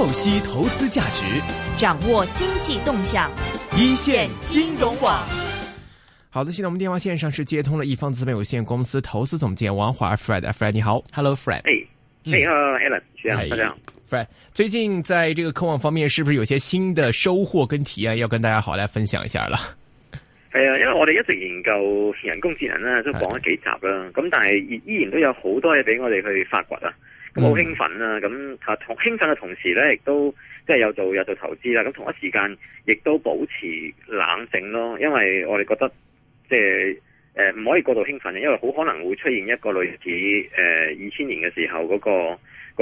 透析投資價值，掌握經濟動向，一線金融網。好的，現在我們電話線上是接通了一方資本有限公司投資總監王華 （Fred）。Fred，你好，Hello，Fred。哎 Hello，哎、hey,，Hello，Alan，、uh, 大、嗯、家好。Hey, Fred，最近在這個科網方面，是不是有些新的收穫跟體驗要跟大家好來分享一下了？哎、hey, 呀，因為我哋一直研究人工智能咧，都講咗幾集啦，咁、hey. 但係依依然都有好多嘢俾我哋去發掘啊。咁好興奮啦、啊！咁啊同興奮嘅同時咧，亦都即係有做有做投資啦。咁同一時間，亦都保持冷靜咯。因為我哋覺得即係誒唔可以過度興奮嘅，因為好可能會出現一個類似誒二千年嘅時候嗰個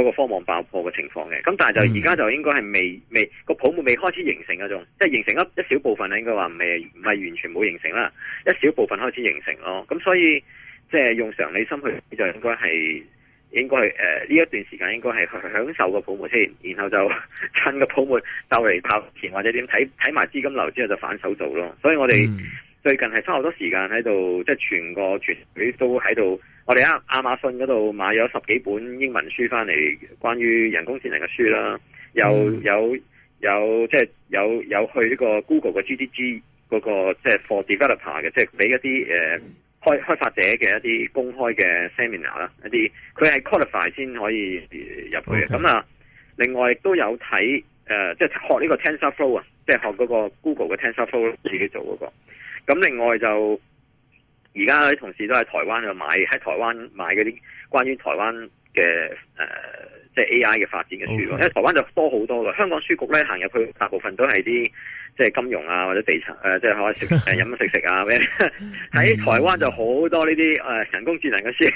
嗰個科網爆破嘅情況嘅。咁但係就而家就應該係未未個泡沫未開始形成嗰種，即係形成一一小部分咧，應該話未唔係完全冇形成啦，一小部分開始形成咯。咁所以即係用常理心去就應該係。應該係誒呢一段時間應該係享受個泡沫先，然後就趁個泡沫兜嚟拍錢或者點睇睇埋資金流之後就反手做咯。所以我哋最近係差好多時間喺度，即、就、係、是、全個全佢都喺度。我哋阿亞馬遜嗰度買咗十幾本英文書翻嚟，關於人工智能嘅書啦，又有、嗯、有即係有、就是、有，有去呢個 Google 嘅 GDG 嗰個即係 for developer 嘅，即係俾一啲誒。呃嗯開開發者嘅一啲公開嘅 seminar 啦，一啲佢係 qualify 先可以入去嘅。咁、okay. 啊，另外亦都有睇誒，即、呃、係、就是、學呢個 TensorFlow 啊，即係學嗰個 Google 嘅 TensorFlow 自己做嗰、那個。咁另外就而家啲同事都喺台灣度買，喺台灣買嗰啲關於台灣嘅誒、呃，即係 A.I. 嘅發展嘅書咯，okay. 因為台灣就多好多啦。香港書局咧行入去，大部分都係啲即係金融啊或者地產誒、呃，即係可以食誒飲、呃、食食啊。喺 台灣就好多呢啲誒人工智能嘅書，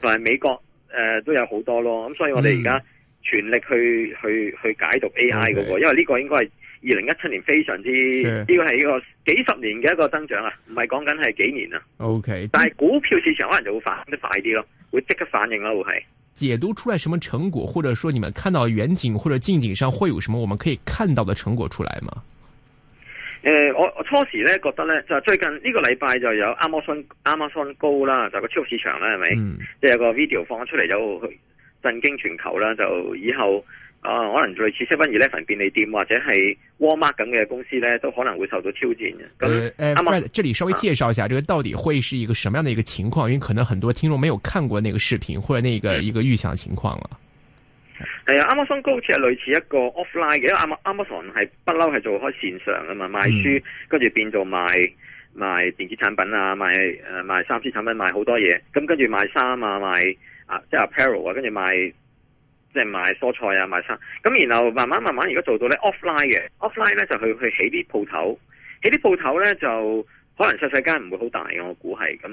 同埋美國誒、呃、都有好多咯。咁所以我哋而家全力去、mm. 去去解讀 A.I. 嘅、okay. 嗰個，因為呢個應該係二零一七年非常之呢、yeah. 個係一個幾十年嘅一個增長啊，唔係講緊係幾年啊。O.K. 但係股票市場可能就會反得快啲咯，會即刻反應咯、啊、會係。解讀出來什麼成果，或者說你們看到遠景或者近景上會有什麼我們可以看到的成果出來嗎？誒、呃，我我初時咧覺得咧就最近呢個禮拜就有 Amazon Amazon Go 啦，就個超市場啦係咪？嗯，即係有個 video 放咗出嚟就震驚全球啦，就以後。啊，可能類似 Seven Eleven 便利店或者係 Walmart 咁嘅公司咧，都可能會受到挑戰嘅。咁誒，阿、呃啊、Fred，這裡稍微介紹一下，呢、啊、個到底會是一個什麼樣嘅一個情況，因為可能很多聽眾沒有看過那個視頻或者那個一個預想情況啦。係啊，啊，Amazon 嗰好似係類似一個 offline 嘅，因為阿 Amazon 係不嬲係做開線上嘅嘛，賣書跟住、嗯、變做賣賣電子產品啊，賣誒賣三 C 產品，賣好多嘢。咁跟住賣衫啊，賣啊即係 apparel 啊，跟住、啊、賣。即係賣蔬菜啊，賣衫。咁，然後慢慢慢慢，如果做到呢 offline 嘅 offline 呢，就去去起啲鋪頭，起啲鋪頭呢，就可能細細間唔會好大嘅，我估係咁，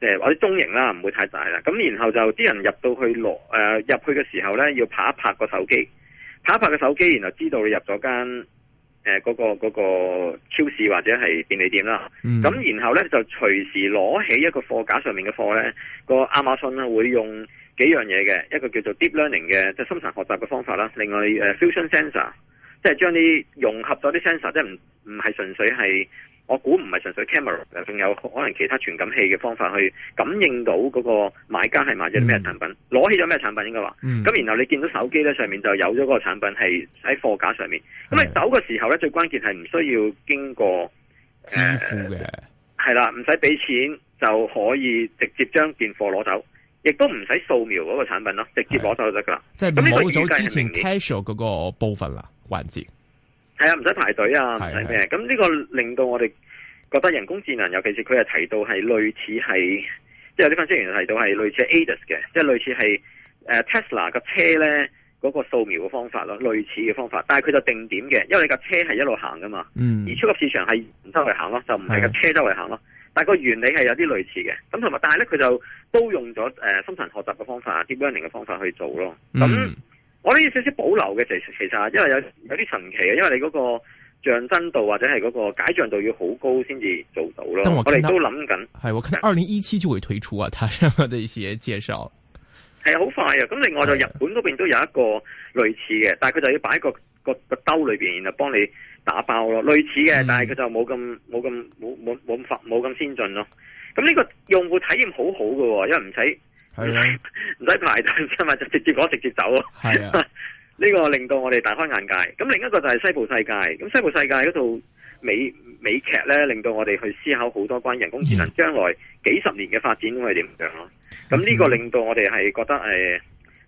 即係、mm. 或者中型啦，唔會太大啦。咁然後就啲人入到去落誒入去嘅時候呢，要拍一拍個手機，拍一拍個手機，然後知道你入咗間誒嗰個、嗰個超市或者係便利店啦。咁、mm. 然後呢，就隨時攞起一個貨架上面嘅貨呢，個亞馬遜呢會用。幾樣嘢嘅，一個叫做 deep learning 嘅，即係深層學習嘅方法啦。另外誒，fusion sensor，即係將啲融合咗啲 sensor，即係唔唔係純粹係，我估唔係純粹 camera，仲有可能其他傳感器嘅方法去感應到嗰個買家係買咗啲咩產品，攞、嗯、起咗咩產品應該話，咁、嗯、然後你見到手機咧上面就有咗嗰個產品係喺貨架上面。咁你走嘅時候咧，最關鍵係唔需要經過，係啦，唔使俾錢就可以直接將件貨攞走。亦都唔使掃描嗰個產品咯，直接攞手就得噶，即係冇咗之前 casual 嗰個部分啦環節係啊，唔使排隊啊，咁呢個令到我哋覺得人工智能，尤其是佢係提到係類似係，即係有啲分析員提到係類似 ADAS 嘅，即、就、係、是、類似係誒 Tesla 個車咧嗰個掃描嘅方法咯，類似嘅方法，但係佢就定點嘅，因為你架車係一路行噶嘛、嗯，而超級市場係唔周圍行咯，就唔係架車周圍行咯。但個原理係有啲類似嘅，咁同埋，但係咧佢就都用咗誒深層學習嘅方法，deep learning 嘅方法去做咯。咁我都要少少保留嘅，就其實因為有有啲神奇嘅，因為你嗰個像真度或者係嗰個解像度要好高先至做到咯。我哋都諗緊，係喎，可能二零一七就會推出啊，他嘅一些介紹係好快啊。咁另外就日本嗰邊都有一個類似嘅，但係佢就要擺一個一個兜裏邊，然後幫你。打爆咯，類似嘅，但係佢就冇咁冇咁冇冇冇咁快，冇、嗯、咁先進咯。咁呢個用戶體驗好好喎，因為唔使唔使唔使排隊，係咪就直接講直接走咯？係 啊，呢 個令到我哋大開眼界。咁另一個就係西部世界，咁西部世界嗰套美美劇咧，令到我哋去思考好多關於人工智能將來幾十年嘅發展會點樣咯。咁呢個令到我哋係覺得誒，即、嗯、係、呃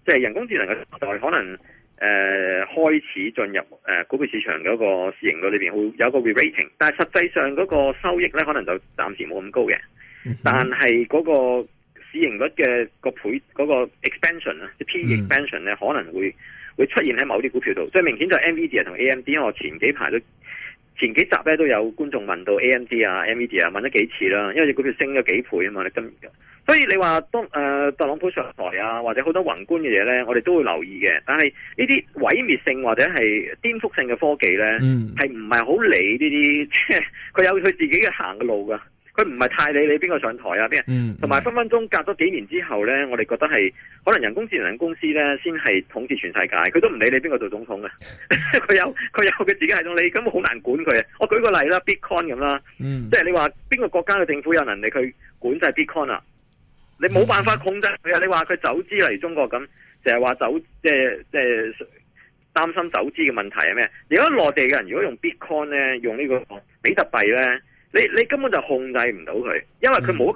就是、人工智能嘅時代可能。誒、呃，開始進入誒、呃、股票市場嘅一個市盈率裏邊，會有個 re-rating，但係實際上嗰個收益咧，可能就暫時冇咁高嘅。Mm -hmm. 但係嗰個市盈率嘅個倍，嗰、嗰個 expansion 即 P expansion 咧，mm -hmm. 可能會會出現喺某啲股票度，最明顯就 NVIDIA 同 AMD，因為我前幾排都前幾集咧都有觀眾問到 AMD 啊 NVD 啊，NVIDIA, 問咗幾次啦，因為隻股票升咗幾倍啊嘛，你得所以你話當、呃、特朗普上台啊，或者好多宏觀嘅嘢咧，我哋都會留意嘅。但係呢啲毀滅性或者係顛覆性嘅科技咧，係唔係好理呢啲？即係佢有佢自己嘅行嘅路㗎。佢唔係太理你邊個上台啊，邊個同埋分分鐘隔咗幾年之後咧，我哋覺得係可能人工智能公司咧先係統治全世界。佢都唔理你邊個做總統嘅。佢、嗯、 有佢有佢自己系統，你咁好難管佢啊！我舉個例啦，Bitcoin 咁啦，即係你話邊個國家嘅政府有能力去管制 Bitcoin 啊？你冇辦法控制佢啊！你話佢走資嚟中國咁，成日話走，即係即係擔心走資嘅問題係咩？如果內地嘅人如果用 Bitcoin 咧，用呢、呢個、個比特幣咧，你你根本就控制唔到佢，因為佢冇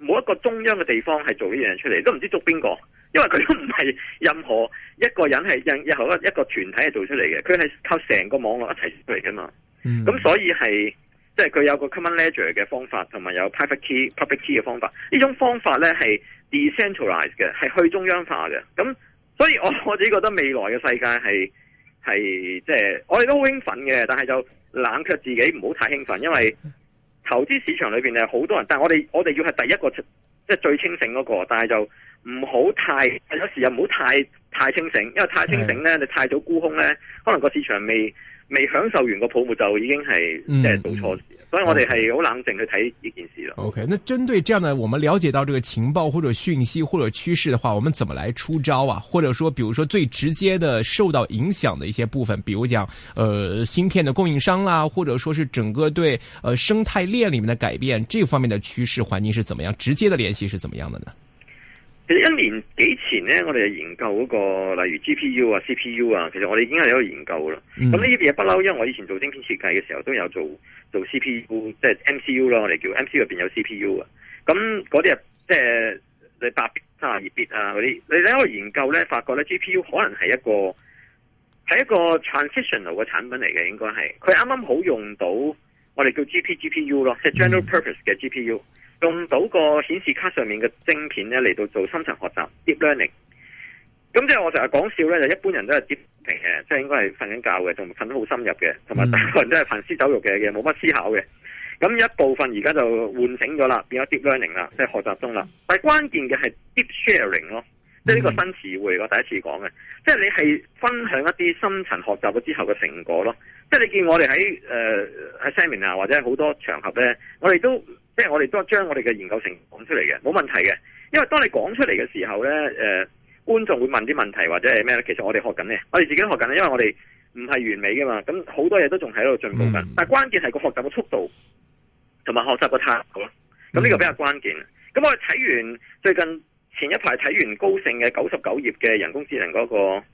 冇一個中央嘅地方係做呢樣嘢出嚟，都唔知捉邊個，因為佢都唔係任何一個人係任任何一個團體係做出嚟嘅，佢係靠成個網絡一齊出嚟㗎嘛。咁、嗯、所以係。即係佢有個 common ledger 嘅方法，同埋有 private key、public key 嘅方法。呢種方法呢係 decentralised 嘅，係去中央化嘅。咁所以我我自己覺得未來嘅世界係係即係我哋都好興奮嘅，但係就冷卻自己唔好太興奮，因為投資市場裏面係好多人，但係我哋我哋要係第一個即係、就是、最清醒嗰個，但係就唔好太有時又唔好太太清醒，因為太清醒呢，你太早沽空呢，可能個市場未未享受完個泡沫就已經係即係做錯事、嗯，所以我哋係好冷靜去睇呢件事。O、okay, K，那針對這樣的，我們了解到這個情報或者訊息或者趨勢的話，我們怎麼來出招啊？或者說，比如說最直接的受到影響的一些部分，比如講，呃，芯片的供應商啦、啊，或者說是整個對，呃，生態鏈裏面的改變，這方面的趨勢環境是怎麼樣？直接的聯繫是怎麼樣的呢？其實一年幾前咧，我哋就研究嗰個，例如 G P U 啊、C P U 啊，其實我哋已經喺度研究啦。咁呢啲嘢不嬲，因為我以前做晶片設計嘅時候，都有做做 C P U，即係 M C U 咯，我哋叫 M C U 入邊有 C P U 啊。咁嗰啲啊，即係你八卅二 bit 啊嗰啲，你喺度研究咧，發覺咧 G P U 可能係一個係一個 transitional 嘅產品嚟嘅，應該係佢啱啱好用到我哋叫 G P G P U 咯，即係 general purpose 嘅 G P U、嗯。用到個顯示卡上面嘅晶片咧，嚟到做深層學習 deep learning，咁即係我就係講笑咧，就一般人都係 deep 嘅，即係應該係瞓緊覺嘅，同瞓得好深入嘅，同埋大部分人都係行屍走肉嘅嘅，冇乜思考嘅。咁一部分而家就喚醒咗啦，變咗 deep learning 啦，即係學習中啦。但係關鍵嘅係 deep sharing 咯，mm -hmm. 即係呢個新詞彙，我第一次講嘅，即係你係分享一啲深層學習咗之後嘅成果咯。即係你見我哋喺誒喺 Seminar 或者好多場合咧，我哋都即係我哋都將我哋嘅研究成果講出嚟嘅，冇問題嘅。因為當你講出嚟嘅時候咧，誒、呃、觀眾會問啲問題或者係咩咧？其實我哋學緊嘅，我哋自己都學緊咧，因為我哋唔係完美噶嘛，咁好多嘢都仲喺度進步緊、嗯。但係關鍵係個學習嘅速度同埋學習個差，好啦。咁呢個比較關鍵。咁、嗯、我哋睇完最近前一排睇完高盛嘅九十九頁嘅人工智能嗰、那個。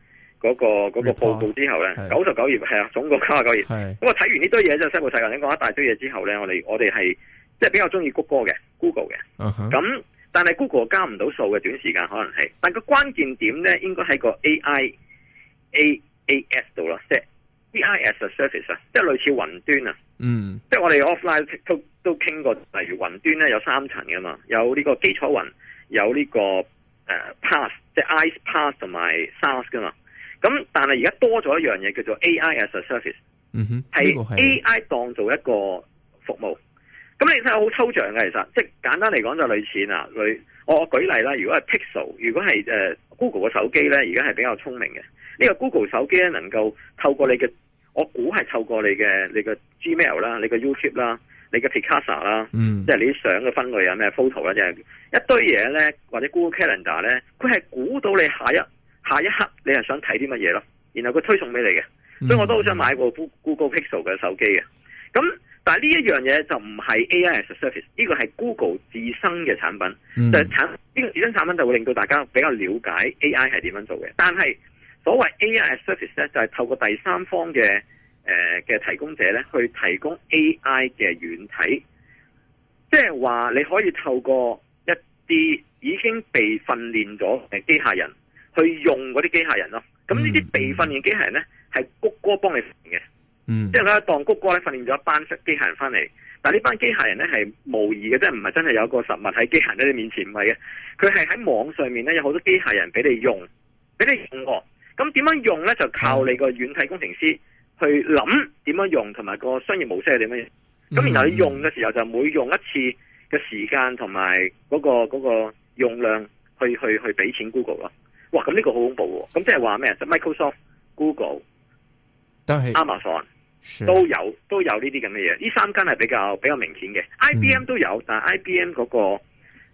嗰、那個嗰、那個、報告之後咧，九十九頁係啊，總共九十九頁。咁睇完呢堆嘢真係西部世界，你講一大堆嘢之後咧，我哋我哋係即係比較中意谷歌嘅 Google 嘅。咁、uh -huh. 但係 Google 係加唔到數嘅短時間可能係，但個關鍵點咧應該喺個 AIaaS 度啦，即係 BIS 嘅 service 啊，即係類似雲端啊。即、mm. 係我哋 offline、TikTok、都都傾過，例如雲端咧有三層嘅嘛，有呢個基礎雲，有呢、這個誒、uh, pass，即係 IaaS 同埋 SaaS 嘅嘛。咁，但係而家多咗一樣嘢叫做 A I as a service，嗯哼，係 A I 當做一個服務。咁你睇下好抽象嘅，其實即係簡單嚟講就是類似啊，類我舉例啦。如果係 Pixel，如果係誒 Google 嘅手機咧，而家係比較聰明嘅。呢個 Google 手機咧，能夠透過你嘅，我估係透過你嘅你嘅 Gmail 啦，你嘅 YouTube 啦，你嘅 Picasa 啦，嗯，即係你啲相嘅分類啊，咩 photo 啦，即係一堆嘢咧，或者 Google Calendar 咧，佢係估到你下一。下一刻，你係想睇啲乜嘢咯？然後佢推送俾你嘅、嗯，所以我都好想買個 Google Pixel 嘅手機嘅。咁但係呢一樣嘢就唔係 AI as a Service，呢個係 Google 自身嘅產品，嗯、就係、產呢、呢個自身產品就會令到大家比較了解 A I 係點樣做嘅。但係所謂 AI as a Service 咧，就係、係、透過第三方嘅誒嘅提供者咧，去提供 A I 嘅軟體，即係話你可以透過一啲已經被訓練咗誒機械人。去用嗰啲機械人咯，咁呢啲被訓練機械人呢，係、嗯、谷歌幫你訓嘅，嗯，即係咧當谷歌咧訓練咗一班機械人翻嚟，但係呢班機械人呢，係模擬嘅，即係唔係真係有一個實物喺機械喺你面前，唔係嘅，佢係喺網上面呢，有好多機械人俾你用，俾你用嘅，咁點樣用呢？就靠你個軟體工程師去諗點樣用，同埋個商業模式係點樣，咁、嗯、然後你用嘅時候就每用一次嘅時間同埋嗰個嗰個用量去去俾錢 Google 咯。哇！咁呢個好恐怖喎、哦，咁即係話咩？Microsoft、Google、都係 Amazon 都有都有呢啲咁嘅嘢，呢三間係比較比較明顯嘅。IBM 都有，嗯、但係 IBM 嗰個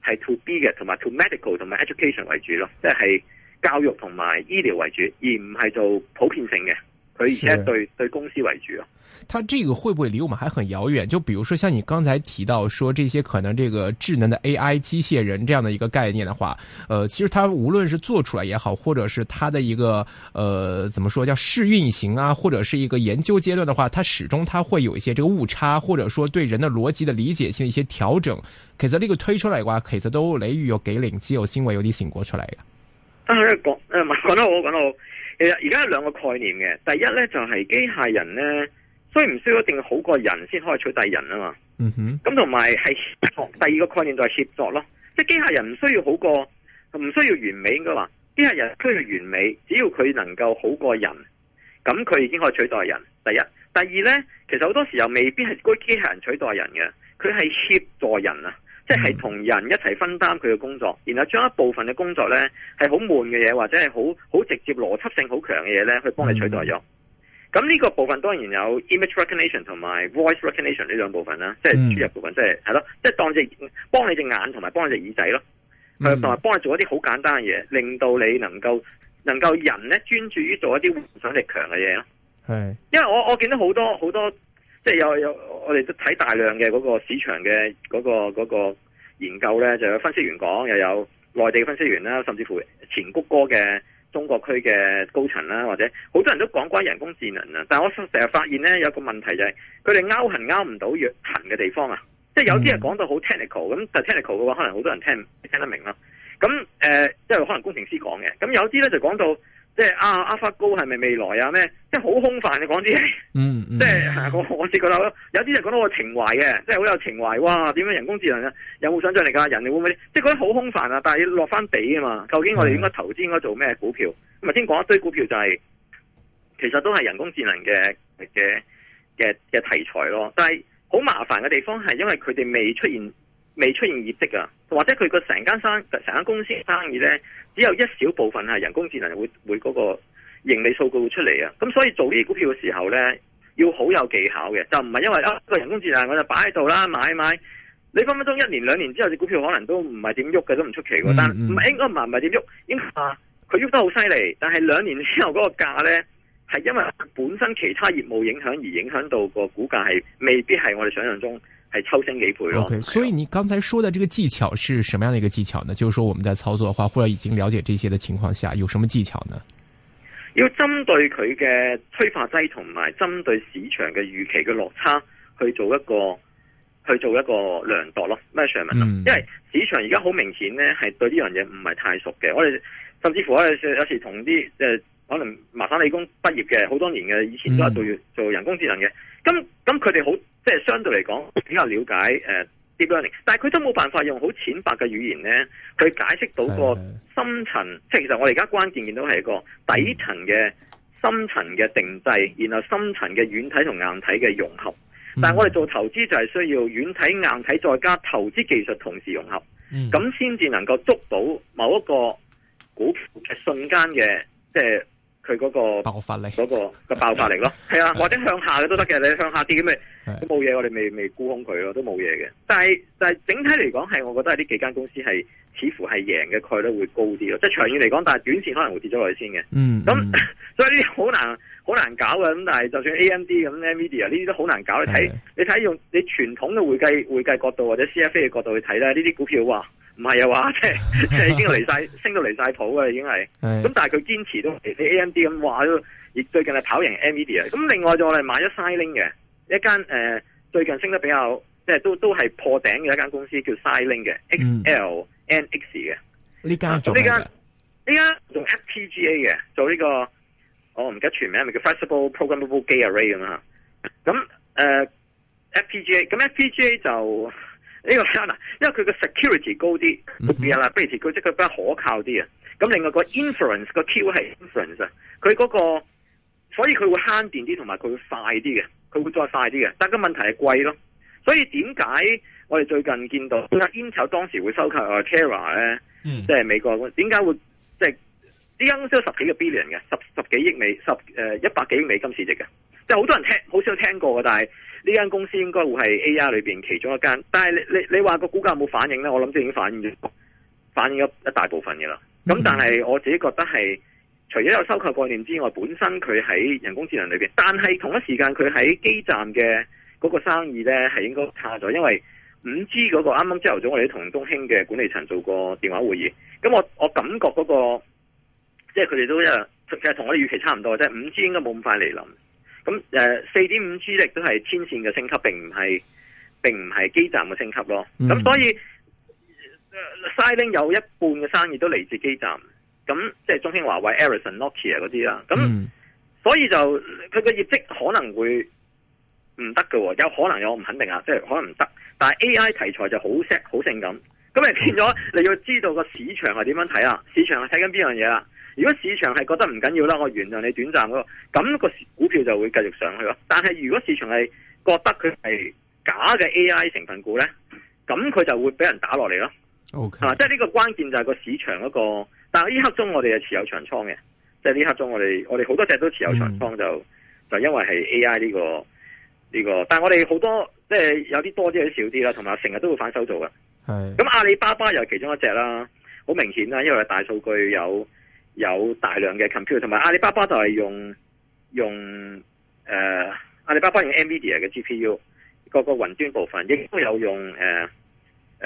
係 to B 嘅，同埋 to medical 同埋 education 為主咯，即、就、係、是、教育同埋醫療為主，而唔係做普遍性嘅。所以即係對對公司為主咯。他這個會不會離我們還很遙遠？就比如說，像你剛才提到說，這些可能這個智能的 AI 機械人這樣的一個概念的話，呃，其實它無論是做出來也好，或者是它的一個，呃，怎麼說叫試運行啊，或者是一個研究階段的話，它始終它會有一些這個誤差，或者說對人的邏輯的理解性的一些調整。喺呢個推出來的話，喺都雷雨有給領機有新聞有啲醒過出來的啊，講、嗯，是唔係，講得好，講得好其實而家有兩個概念嘅，第一呢，就係機械人呢需唔需要一定好過人先可以取代人啊嘛，嗯哼，咁同埋係協作，第二個概念就係協作咯，即係機械人唔需要好過，唔需要完美應該話，機械人需要完美，只要佢能夠好過人，咁佢已經可以取代人。第一，第二呢，其實好多時候未必係嗰機械人取代人嘅，佢係協助人啊。即係同人一齊分擔佢嘅工作，然後將一部分嘅工作呢係好悶嘅嘢，或者係好好直接邏輯性好強嘅嘢呢，去幫你取代咗。咁、嗯、呢個部分當然有 image recognition 同埋 voice recognition 呢兩部分啦，即係輸入部分，即係係咯，即係當隻幫你隻眼同埋幫你隻耳仔咯，同、嗯、埋幫你做一啲好簡單嘅嘢，令到你能夠能夠人咧專注於做一啲想像力強嘅嘢咯。因為我我見到好多好多。好多即係有有，我哋都睇大量嘅嗰個市場嘅嗰個嗰個研究咧，就有分析員講，又有內地分析員啦，甚至乎前谷歌嘅中國區嘅高層啦，或者好多人都講關人工智能啊。但係我成日發現咧有一個問題就係、是，佢哋勾痕勾唔到越層嘅地方啊，即係有啲係講到好 technical，咁但係 technical 嘅話，可能好多人聽聽得明咯。咁誒，因、呃、為可能工程師講嘅，咁有啲咧就講到。即係啊，阿、啊、發高係咪未來啊？咩即係好空泛，你講啲嗯即係、嗯，就是，我我先覺得有啲人講到我情懷嘅，即係好有情懷。哇，點樣人工智能有有啊？有冇想象力噶？人哋會唔會即係覺得好空泛啊？但係要落翻地啊嘛，究竟我哋應該投資應該做咩股票？咪先講一堆股票就係、是，其實都係人工智能嘅嘅嘅嘅題材咯。但係好麻煩嘅地方係因為佢哋未出現。未出現業績啊，或者佢個成間生成間公司嘅生意咧，只有一小部分係人工智能會會嗰個盈利數據會出嚟啊！咁所以做呢啲股票嘅時候咧，要好有技巧嘅，就唔係因為啊個人工智能我就擺喺度啦買買，你分分鐘一年兩年之後隻股票可能都唔係點喐嘅，都唔出奇嘅、嗯嗯。但唔係應該唔係唔係點喐，應該佢喐得好犀利，但係兩年之後嗰個價咧係因為本身其他業務影響而影響到個股價係未必係我哋想像中。係抽升幾倍咯，okay，所以你剛才說的這個技巧是什麼樣的一個技巧呢？就是說我們在操作的話，或者已經了解這些的情況下，有什麼技巧呢？要針對佢嘅催化劑同埋，針對市場嘅預期嘅落差去做一個去做一個量度咯。嗯，因為市場而家好明顯呢係對呢樣嘢唔係太熟嘅。我哋甚至乎我哋有時同啲誒可能麻省理工畢業嘅好多年嘅，以前都係做做人工智能嘅。咁咁佢哋好。即係相對嚟講比較了解誒、呃、deep learning 但係佢都冇辦法用好淺白嘅語言咧，去解釋到個深層，即係 其實我哋而家關鍵見到係個底層嘅深層嘅定製，然後深層嘅軟體同硬體嘅融合。但係我哋做投資就係需要軟體硬體再加投資技術同時融合，咁先至能夠捉到某一個股票嘅瞬間嘅即係。呃佢嗰、那個爆發力，嗰、那個嘅爆發力咯，係 啊，或者向下嘅都得嘅， 你向下跌咁咪都冇嘢，我哋未未沽空佢咯，都冇嘢嘅。但係但係整體嚟講，係我覺得係呢幾間公司係似乎係贏嘅概率會高啲咯，即係長遠嚟講，但係短線可能會跌咗落去先嘅。嗯，嗯，咁所以呢啲好難好難搞嘅，咁但係就算 A M D 咁、Nvidia 呢啲都好難搞。你睇 你睇用你傳統嘅會計會計角度或者 C F A 嘅角度去睇咧，呢啲股票啊。哇唔係啊，話即係已經嚟晒， 升到嚟晒譜嘅，已經係。咁但係佢堅持都，你 AMD 咁話都，亦最近係跑贏 NVIDIA 啊。咁另外就我哋買咗 Xilinx 嘅一間誒、呃，最近升得比較，即係都都係破頂嘅一間公司，叫 Xilinx 嘅 XLNX 嘅呢間做呢間呢間做 FPGA 嘅，做呢、這個我唔、哦、記得全名咪叫 Flexible Programmable Gate Array 咁啊。咁誒、呃、FPGA 咁 FPGA 就。呢個啦，因為佢個 security 高啲，冇變啦。譬如佢即係佢比較可靠啲啊。咁另外個 inference 個 Q 係 inference 啊，佢嗰個，所以佢會慳電啲，同埋佢會快啲嘅，佢會再快啲嘅。但係個問題係貴咯。所以點解我哋最近見到亞英籌當時會收購亞 Terra 咧？即係美國點解、嗯、會即係啲間公十幾個 billion 嘅十十幾億美十誒、呃、一百幾億美金市值嘅？即係好多人聽，好少聽過嘅，但係。呢間公司應該會係 AR 裏邊其中一間，但係你你你話個股價有冇反映呢？我諗即已經反映咗，反映咗一大部分嘅啦。咁但係我自己覺得係，除咗有收購概念之外，本身佢喺人工智能裏邊，但係同一時間佢喺基站嘅嗰個生意呢，係應該差咗，因為五 G 嗰個啱啱朝頭早我哋同中興嘅管理層做過電話會議，咁我我感覺嗰、那個即係佢哋都一樣其實同我哋預期差唔多即啫，五 G 應該冇咁快嚟臨。咁誒四點五 G 力都係天線嘅升級，並唔係並唔係基站嘅升級咯。咁、嗯、所以 Siding 有一半嘅生意都嚟自基站。咁即係中興、華為、Ericsson、Nokia 嗰啲啦。咁所以就佢嘅業績可能會唔得㗎喎，有可能有唔肯定啊。即、就、係、是、可能唔得。但係 A I 題材就好 set 好性感。咁你變咗你要知道個市場係點樣睇啦？市場係睇緊邊樣嘢啦？如果市場係覺得唔緊要啦，我原諒你短暫咯，咁、那個股票就會繼續上去咯。但係如果市場係覺得佢係假嘅 A.I. 成分股呢，咁佢就會俾人打落嚟咯。即係呢個關鍵就係個市場嗰、那個。但係呢刻中，我哋係持有長倉嘅。即係呢刻中，我哋我哋好多隻都持有長倉，就、嗯、就因為係 A.I. 呢、這個呢、這個。但係我哋好多即係有啲多啲，有啲少啲啦。同埋成日都會反收做嘅。係。咁阿里巴巴又係其中一隻啦，好明顯啦，因為大數據有。有大量嘅 computer 同埋阿里巴巴就係用用誒、呃，阿里巴巴用 NVIDIA 嘅 GPU，個個雲端部分亦都有用誒誒、呃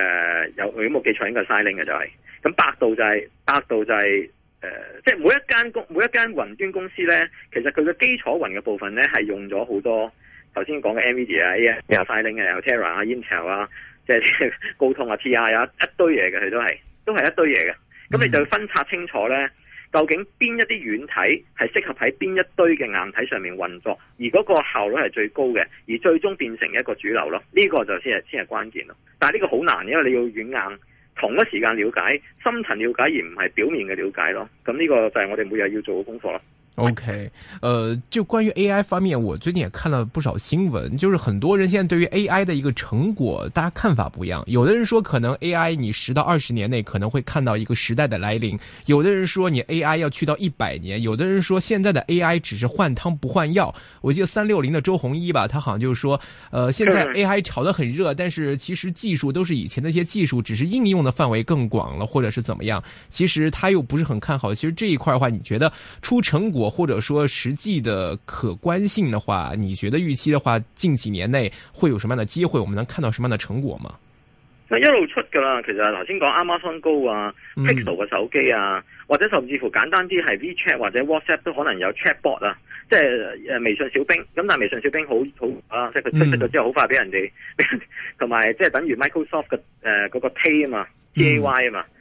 呃，有有冇記錯應該係 Siling 嘅就係、是，咁百度就係、是、百度就係、是、誒、呃，即係每一間公每一間雲端公司咧，其實佢嘅基礎雲嘅部分咧係用咗好多頭先講嘅 NVIDIA 啊，有、yeah. Siling 嘅，有 Tera 啊，Intel 啊，即係高通啊 TI 啊一堆嘢嘅佢都係都係一堆嘢嘅，咁你就要分拆清楚咧。究竟邊一啲軟體係適合喺邊一堆嘅硬體上面運作，而嗰個效率係最高嘅，而最終變成一個主流咯？呢個就先係先係關鍵咯。但係呢個好難，因為你要軟硬同一時間了解、深層了解，而唔係表面嘅了解咯。咁呢個就係我哋每日要做嘅功課咯。OK，呃，就關於 AI 方面，我最近也看了不少新聞。就是很多人現在對於 AI 的一個成果，大家看法不一樣。有的人說可能 AI 你十到二十年內可能會看到一個時代的來臨；有的人說你 AI 要去到一百年；有的人說現在的 AI 只是換湯不換藥。我記得三六零的周鴻禕吧，他好像就是說，呃，現在 AI 炒得很熱，但是其實技術都是以前那些技術，只是應用的範圍更廣了，或者是怎麼樣。其實他又不是很看好。其實這一塊的話，你覺得出成果？或者說實際的可觀性的話，你覺得預期的話，近幾年內會有什麼樣的機會？我們能看到什麼樣的成果嗎？一路出噶啦，其實頭先講 Amazon Go 啊、嗯、，Pixel 嘅手機啊，或者甚至乎簡單啲係 WeChat 或者 WhatsApp 都可能有 Chatbot 啊，即係誒微信小兵。咁但係微信小兵好好啊，即係佢出咗之後好快俾人哋，同、嗯、埋 即係等於 Microsoft 嘅誒嗰個 Tay 啊嘛 j a y 啊嘛。嗯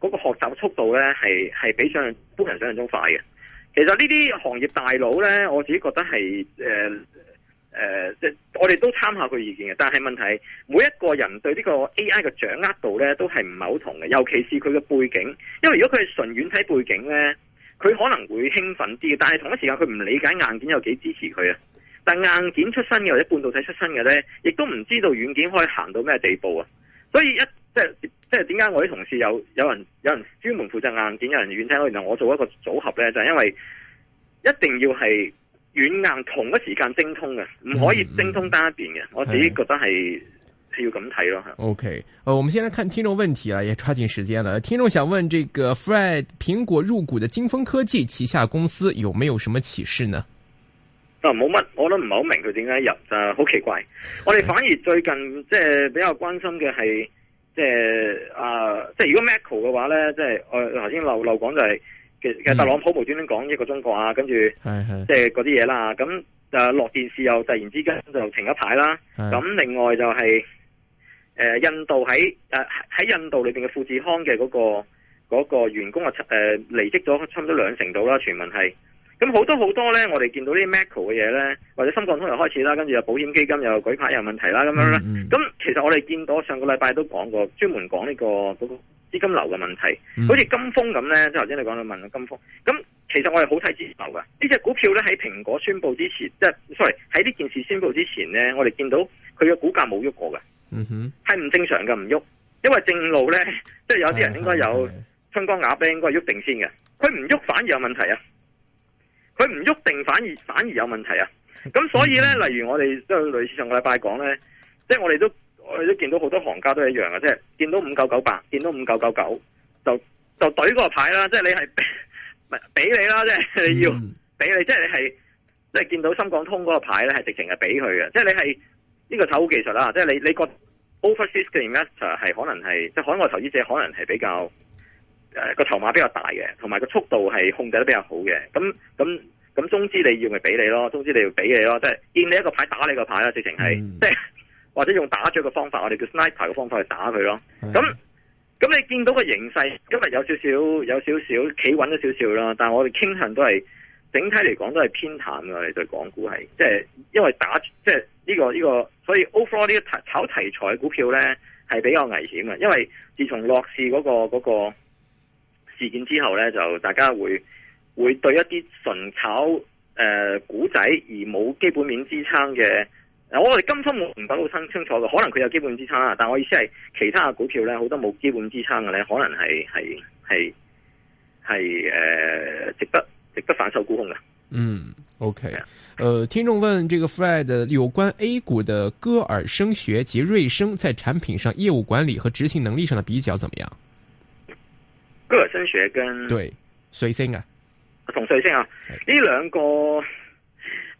嗰、那個學習速度咧，係係比上一般人想象中快嘅。其實呢啲行業大佬咧，我自己覺得係誒誒，即、呃呃、我哋都參考佢意見嘅。但係問題，每一個人對呢個 AI 嘅掌握度咧，都係唔係好同嘅。尤其是佢嘅背景，因為如果佢係純軟體背景咧，佢可能會興奮啲嘅。但係同一時間，佢唔理解硬件有幾支持佢啊。但係硬件出身嘅或者半導體出身嘅咧，亦都唔知道軟件可以行到咩地步啊。所以一即係即係點解我啲同事有人有人有人專門負責硬件，有人軟體，我原來我做一個組合咧，就係、是、因為一定要係軟硬同一時間精通嘅，唔可以精通單一邊嘅。我自己覺得係、嗯、要咁睇咯。OK，誒、呃，我們先嚟看聽眾問題啊，也抓緊時間啦。聽眾想問：這個 Fred 蘋果入股的金風科技旗下公司有沒有什麼啟示呢？啊，冇乜，我都唔係好明佢點解入，就好奇怪。我哋反而最近即係比較關心嘅係。即係啊、呃，即係如果 Macau 嘅話咧，即係我頭先漏漏講就係、是，其實特朗普無端端講一個中國啊，跟住即係嗰啲嘢啦。咁誒落電視又突然之間就停一排啦。咁另外就係、是、誒、呃、印度喺誒喺印度裏邊嘅富士康嘅嗰、嗰個嗰、嗰個員工啊，誒離職咗差唔多兩成度啦，傳聞係。咁好多好多咧，我哋見到呢啲 Macro 嘅嘢咧，或者深港通又開始啦，跟住有保險基金又有舉牌又有問題啦，咁樣啦。咁 mm-hmm. 其實我哋見到上個禮拜都講過，專門講呢個嗰個資金流嘅問題，mm-hmm. 好似金峰咁咧。即係頭先你講到問到金峰咁，其實我哋好睇資金流嘅呢隻股票咧。喺蘋果宣布之前，即係 sorry 喺呢件事宣布之前咧，我哋見到佢嘅股價冇喐過嘅，嗯哼，係唔正常嘅唔喐，因為正路咧，即係有啲人應該有春光雅冰，應該係喐定先嘅。佢唔喐反而有問題啊！佢唔喐定反而反而有問題啊！咁所以咧，例如我哋即係類似上個禮拜講咧，即係我哋都我哋都見到好多行家都一樣嘅，即係見到五九九八，見到五九九九，就就懟嗰個牌啦！即係你係畀 你啦？即係你要畀你，即係你係即係見到深港通嗰個牌咧，係直情係畀佢嘅。即係你係呢、這個炒股技術啦，即係你你覺，overseas investor 係可能係即係海外投資者可能係比較。誒，個籌碼比較大嘅，同埋個速度係控制得比較好嘅。咁咁咁，中之你要咪俾你咯，中之你要俾你咯，即係見你一個牌打你個牌啦，直情係即係或者用打狙嘅方法，我哋叫 sniper 嘅方法去打佢咯。咁咁，你見到個形勢今日有少少有少少企穩咗少少啦，但係我哋傾向都係整體嚟講都係偏淡嘅。我哋對港股係即係因為打即係呢個呢個，所以 overall 呢個炒題材股票呢，係比較危險嘅，因為自從落市嗰個嗰個。那個事件之後咧，就大家會會對一啲純炒誒股仔而冇基本面支撐嘅，我哋今朝冇唔係好清清楚嘅，可能佢有基本支撐啦。但我意思係其他嘅股票咧，好多冇基本支撐嘅咧，可能係係係係誒，值得值得反手沽空嘅。嗯，OK，誒、呃，聽眾問這個 Fred 有關 A 股嘅歌爾聲學及瑞聲在產品上、業務管理和執行能力上嘅比較，怎麼樣？歌爾新雪跟對瑞星啊，同瑞星啊，呢兩個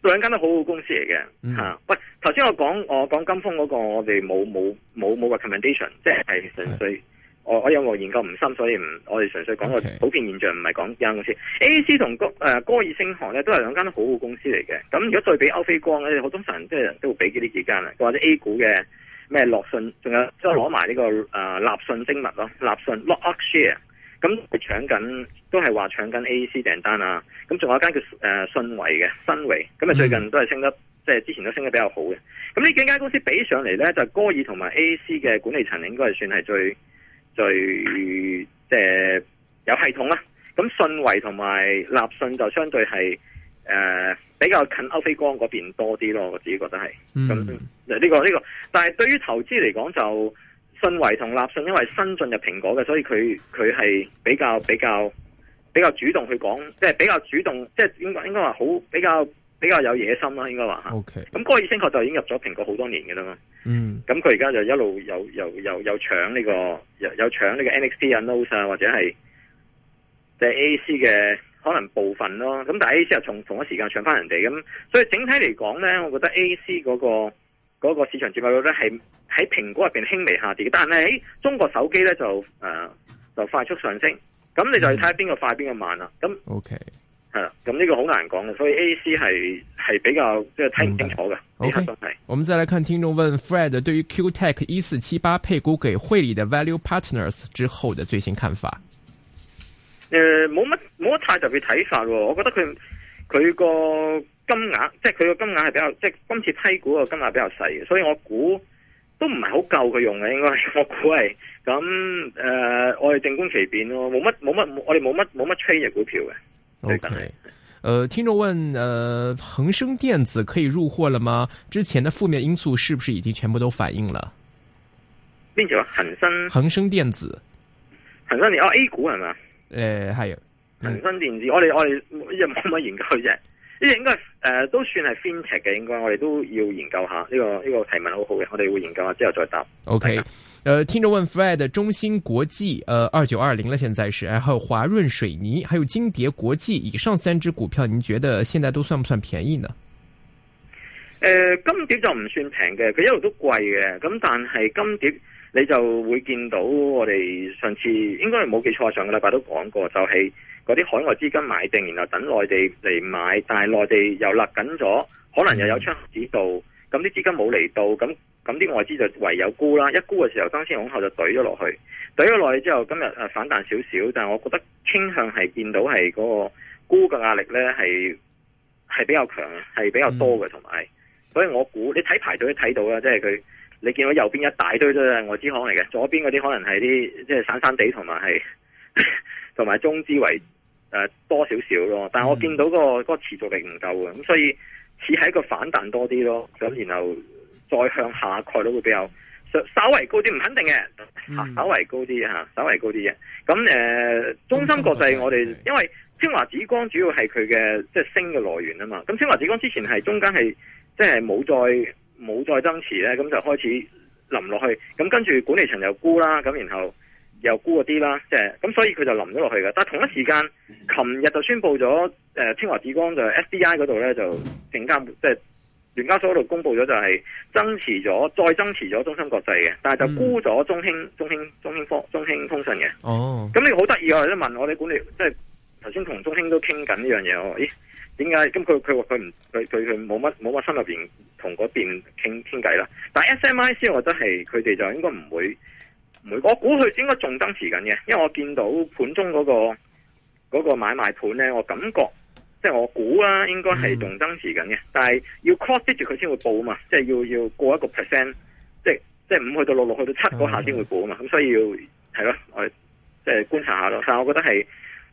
兩間都好好公司嚟嘅吓。喂、嗯啊，頭先我講我講金峰嗰、那個，我哋冇冇冇冇 recommendation，即係純粹我我因我研究唔深，所以唔我哋純粹講、okay. 個普遍現象，唔係講間公司 A C 同歌誒歌爾星航咧，都係兩間都好公司嚟嘅。咁如果對比歐菲光咧，好通常人即係都會俾呢幾間或者 A 股嘅咩樂信，仲有即係攞埋呢個誒立訊精密咯，立訊 lock share。咁佢搶緊，都係話搶緊 AC 訂單啊！咁仲有一間叫誒、呃、信維嘅新維，咁啊最近都係升得，即係之前都升得比較好嘅。咁呢幾間公司比上嚟咧，就歌爾同埋 AC 嘅管理層應該係算係最最即係有系統啦。咁、呃呃、信維同埋立信就相對係誒、呃、比較近歐菲光嗰邊多啲咯，我自己覺得係。咁，嗱、嗯、呢、呢個呢、呢個，但係對於投資嚟講就。信維同立訊，因為新進入蘋果嘅，所以佢佢係比較比較比較主動去講，即係比較主動，即係應該應該話好比較比較有野心啦，應該話吓。O K. 咁歌爾聲學就已經入咗蘋果好多年嘅啦嘛。嗯，咁佢而家就一路有有有有搶呢、這個，有有搶呢個 N X T 啊、n o e s 啊或者係即係 A C 嘅可能部分咯。咁但係 A C 又同同一時間搶翻人哋，咁所以整體嚟講咧，我覺得 A C 嗰、那個。嗰、那個市場佔有率咧係喺蘋果入邊輕微下跌，但係喺中國手機咧就誒、呃、就快速上升，咁你就要睇下邊個快邊個慢啦。咁 OK 係啦，咁呢個好難講嘅，所以 A C 係係比較即係睇唔清楚嘅呢個問題。我們再來看聽眾問 Fred 對於 Q Tech 一四七八配股給惠理的 Value Partners 之後的最新看法。誒冇乜冇太特別睇法喎、哦，我覺得佢佢個。金額即係佢個金額係比較即係今次批股個金額比較細嘅，所以我估都唔係好夠佢用嘅，應該我估係咁誒，我哋靜觀其變咯，冇乜冇乜，我哋冇乜冇乜吹嘅股票嘅。O K，誒，聽眾問，誒、呃，恒生電子可以入貨了嗎？之前的負面因素是不是已經全部都反映了？邊條，恒生恒生電子恒生電哦 A 股係嘛？誒係恒生電子，我哋我哋又冇乜研究啫。呢個應該誒、呃、都算係 fintech 嘅，應該我哋都要研究下呢、這個呢、這個提問好好嘅，我哋會研究下之後再答。OK，誒、呃，聽眾問 Fred，中芯國際，誒二九二零啦，現在是，還有華潤水泥，還有金蝶國際，以上三隻股票，你覺得現在都算唔算便宜呢？誒、呃，金蝶就唔算平嘅，佢一路都貴嘅，咁但係金蝶。你就會見到我哋上次應該係冇記錯，上個禮拜都講過，就係嗰啲海外資金買定，然後等內地嚟買，但係內地又勒緊咗，可能又有窗口指導，咁啲資金冇嚟到，咁咁啲外資就唯有沽啦。一沽嘅時候，爭先恐後就懟咗落去，懟咗落去之後，今日誒反彈少少，但係我覺得傾向係見到係嗰個沽嘅壓力呢係係比較強，係比較多嘅，同埋，所以我估你睇排隊睇到啦，即係佢。你見到右邊一大堆都係外資行嚟嘅，左邊嗰啲可能係啲即係散散地，同埋係同埋中資為、呃、多少少咯。但係我見到、嗰個、嗰個持續力唔夠，咁所以似係一個反彈多啲咯。咁然後再向下概率會比較稍稍微高啲，唔肯定嘅，稍微高啲嚇、嗯，稍微高啲嘅。咁誒、呃，中芯國際我哋因為清華紫光主要係佢嘅即係升嘅來源啊嘛。咁清華紫光之前係中間係即係冇再，冇再增持咧，咁就開始臨落去。咁跟住管理層又沽啦，咁然後又沽嗰啲啦，即係咁，所以佢就臨咗落去㗎。但係同一時間，琴日就宣布咗、呃，清華紫光就 SDI 嗰度咧就證監，即係聯交所嗰度公布咗，就係增持咗，再增持咗中芯國際嘅，但係就沽咗中興、嗯、中興、中興科、中興通訊嘅。哦，咁你好得意啊！即係問我哋管理，即係頭先同中興都傾緊呢樣嘢咦？點解？咁佢佢話佢唔佢佢佢冇乜冇乜心入邊同嗰邊傾傾偈啦。但 SMIC，我真係佢哋就應該唔會唔會。我估佢應該仲增持緊嘅，因為我見到盤中嗰個嗰個買賣盤咧，我感覺即係我估啊，應該係仲增持緊嘅。但係要 cross 住佢先會報啊嘛，即係要要過一個 percent，即係即係五去到六六去到七嗰下先會報啊嘛。咁所以要係咯，我即係觀察下咯。但係我覺得係。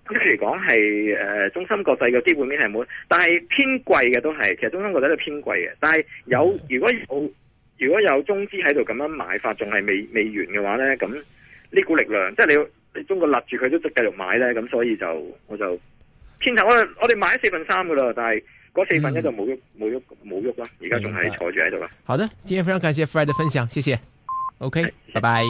咁譬如講係誒，中心國際嘅基本面係冇，但係偏貴嘅都係，其實中心國際都偏貴嘅。但係有，如果有如果有中資喺度咁樣買法，仲係未未完嘅話咧，咁呢股力量，即係你你中國立住佢都繼續買咧，咁所以就我就偏頭，我我哋買咗四分三噶啦，但係嗰四分一就冇喐冇喐冇喐啦，而家仲係坐住喺度啦。好的，今天非常感謝 Fred 嘅分享，謝謝。OK，拜拜。Bye bye